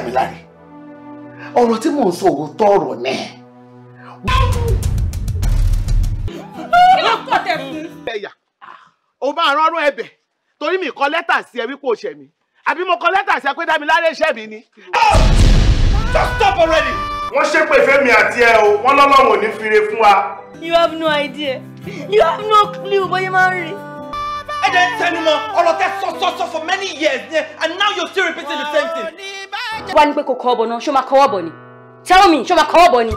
dà láre ọ̀rọ̀ tí mò ń sọ òótọ́ ọ̀rọ̀ ni. kí ló kọ́ tẹ fún. ẹ̀yà o máa rọrùn ẹ̀bẹ̀ torí mi kọ lẹ́tà sí ẹ wípé o ṣẹ̀ mí àbí mo kọ lẹ́tà sí ẹ pé dámiláre ṣẹ̀ mí ni. just stop already. wọ́n ṣépè fẹ́mi àti ẹ o wọ́n lọ́lọ́run ò ní fire fún wa. you have no idea you have no clue bóyá máa ń rí. ẹ jẹ́ tẹnumọ́ ọ̀rọ̀ tẹ sọ sọ sọ for many years and now you're still repeating the same bá ní pé kò kọ́ ọ̀bọ̀ náà ṣó máa kọ́wọ́ bọ̀ ni tell me ṣó máa kọ́wọ́ bọ̀ ni.